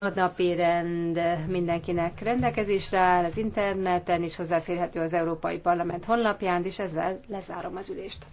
A napi rend mindenkinek rendelkezésre áll az interneten, és hozzáférhető az Európai Parlament honlapján, és ezzel lezárom az ülést.